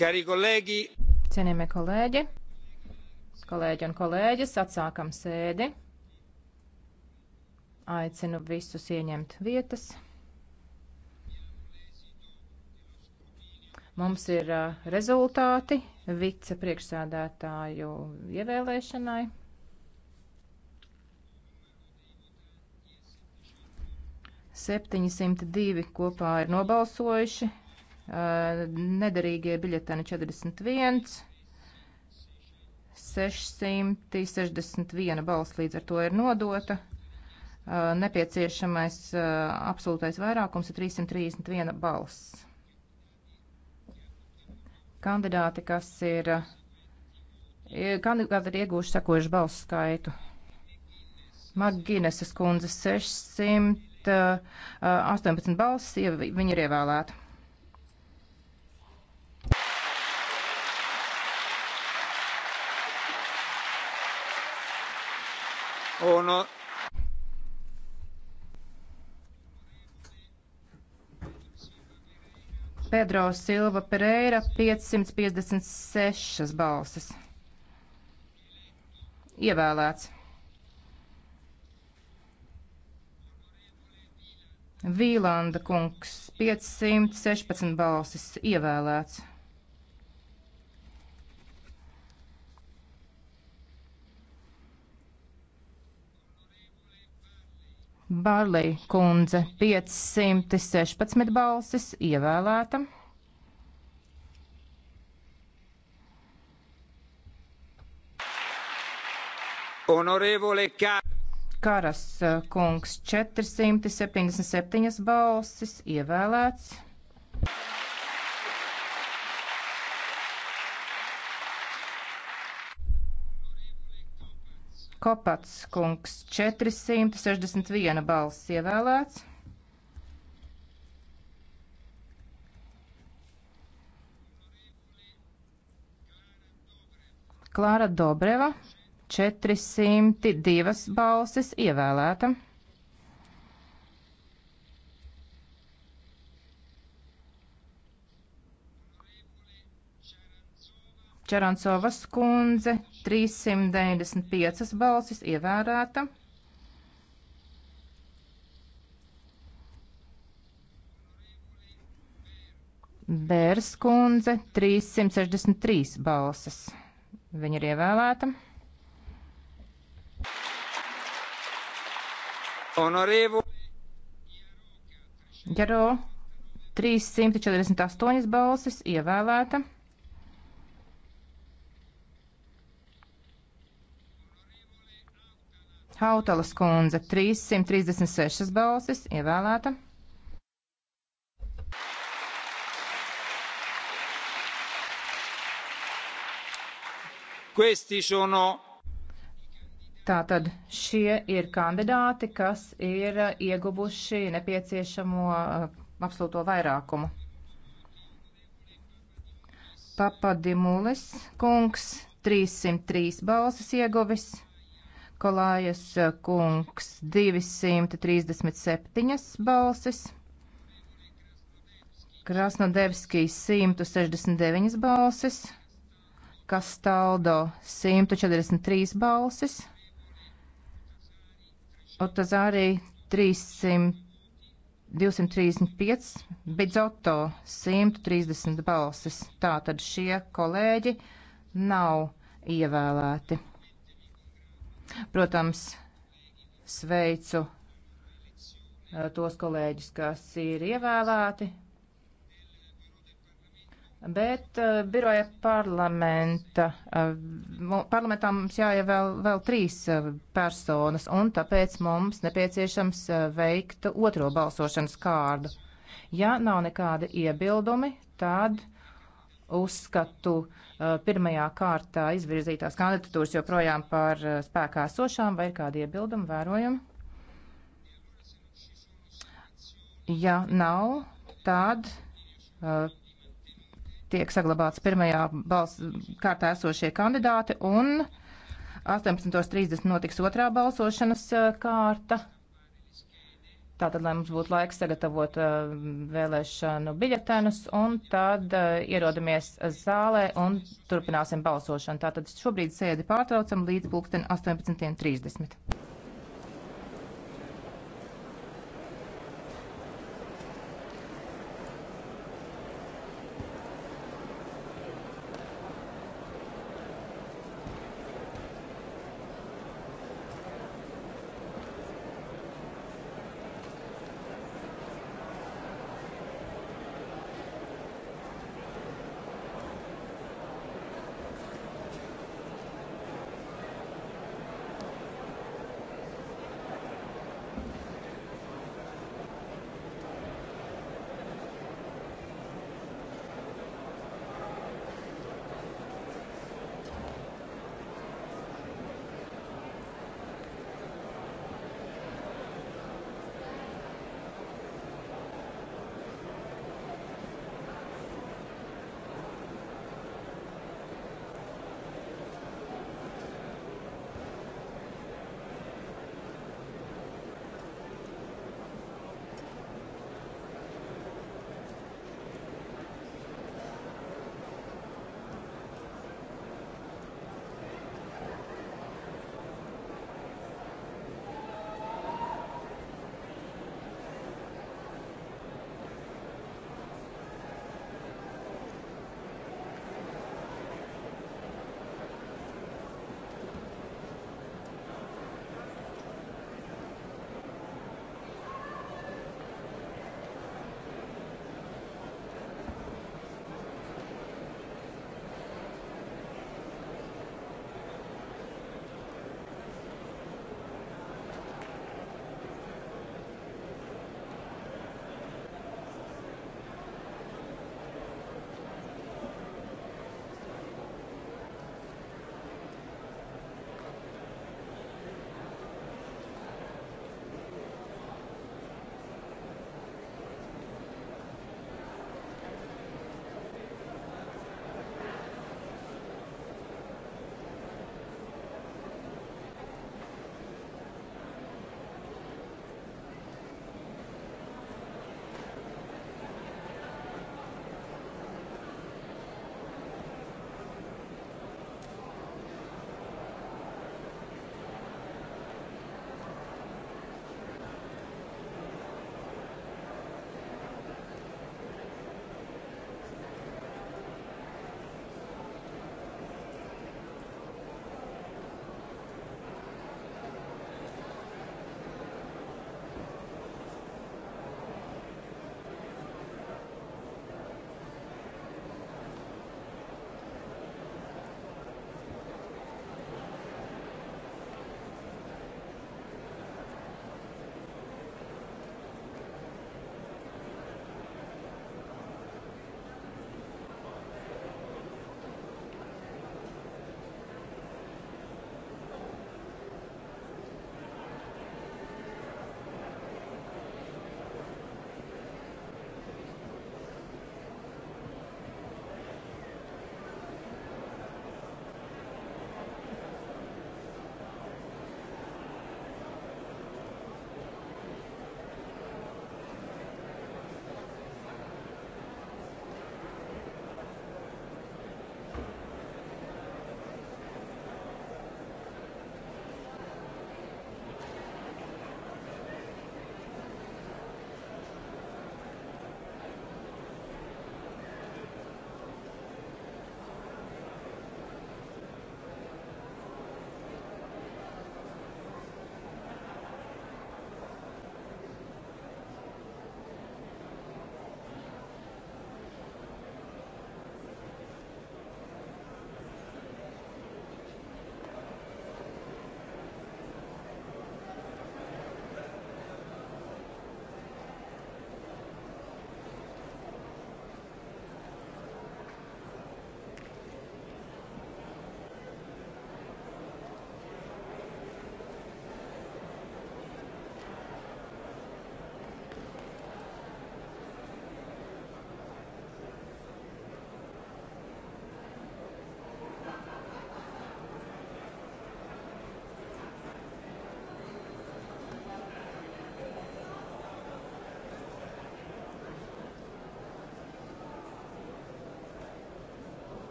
Cari kolēģi! Cienījamie kolēģi, kolēģi un kolēģis, atsākam sēdi. Aicinu visus ieņemt vietas. Mums ir rezultāti vice priekšsādātāju ievēlēšanai. Septiņi simti divi kopā ir nobalsojuši, nederīgie biļeteni 41, 661 balss līdz ar to ir nodota. Nepieciešamais absolūtais vairākums ir 331 balss. Kandidāti, kas ir, kandidāti ir iegūši sekojuši balsu skaitu. Magineses kundze 618 balss, ja viņi ir ievēlēti. mano. Pedro Silva Pereira 556 balsis. Ievēlēts. Vīlanda kungs 516 balsis ievēlēts. Barlī kundze 516 balsis ievēlēta. Honorevole Kā. Karas eh, kungs 477 balsis ievēlēts. Kopats kungs 461 balss ievēlēts. Klāra Dobreva 402 balsis ievēlēta. Čerancovas kundze 395 balsis ievērēta. Bērs kundze 363 balsis. Viņa ir ievēlēta. Honorīvu. Jaro 348 balsis ievēlēta. Hautalas kundze 336 balsis ievēlēta. Sono... Tātad šie ir kandidāti, kas ir ieguvuši nepieciešamo eh, absolūto vairākumu. Papadimulis kungs 303 balsis ieguvis. Nikolājas eh, kungs 237 balsis, Krasnodevskijs 169 balsis, Kastaldo 143 balsis, Otazārī 300, 235, Bidzoto 130 balsis. Tātad šie kolēģi nav ievēlēti. Protams, sveicu eh, tos kolēģus, kas ir ievēlēti, Bet uh, biroja parlamenta, uh, parlamentā mums jāievēl vēl trīs uh, personas, un tāpēc mums nepieciešams uh, veikt otro balsošanas kārdu. Ja nav nekādi iebildumi, tad uzskatu uh, pirmajā kārtā izvirzītās kandidatūras joprojām par uh, spēkā esošām vai ir kādi iebildumi vērojami? Ja nav, tad uh, tiek saglabāts pirmajā balss kārtā esošie kandidāti un 18.30 notiks otrā balsošanas kārta. Tātad, lai mums būtu laiks sagatavot uh, vēlēšanu biļetenus, un tad uh, ierodamies zālē un turpināsim balsošanu. Tātad šobrīd sēdi pārtraucam līdz pulksten 18.30.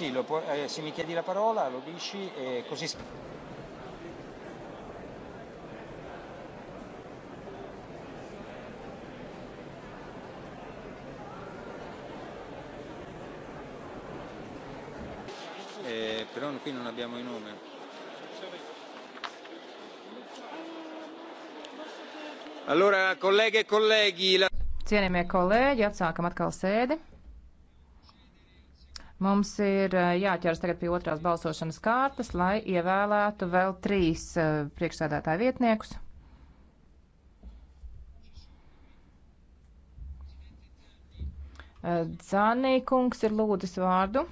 sì, lo può, eh, se mi chiedi la parola lo dici e così. Eh, però qui non abbiamo i nomi. Allora, colleghe e colleghi. La... Cienījamie kolēģi, atsākam atkal sēdi. Mums ir eh, jāķers tagad pie otrās balsošanas kārtas, lai ievēlētu vēl trīs eh, priekšsēdētāju vietniekus. Eh, Dzanī kungs ir lūdzis vārdu.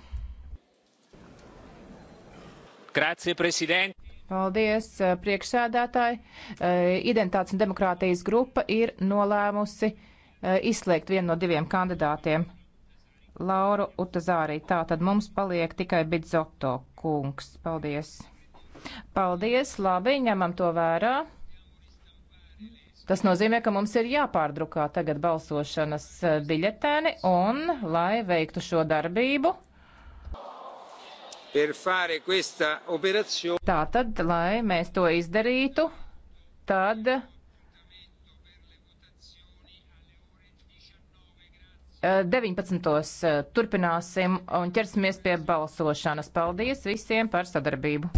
Grazie, prezident! Paldies, priekšsēdētāji. Identitātes un demokrātijas grupa ir nolēmusi izslēgt vienu no diviem kandidātiem. Lauru Utazārī. Tā tad mums paliek tikai Bidzoto kungs. Paldies. Paldies, labi, ņemam to vērā. Tas nozīmē, ka mums ir jāpārdrukā tagad balsošanas eh, biļetēni un, lai veiktu šo darbību. Tātad, lai mēs to izdarītu, tad 19. Eh, turpināsim un ķersimies pie balsošanas. Paldies visiem par sadarbību!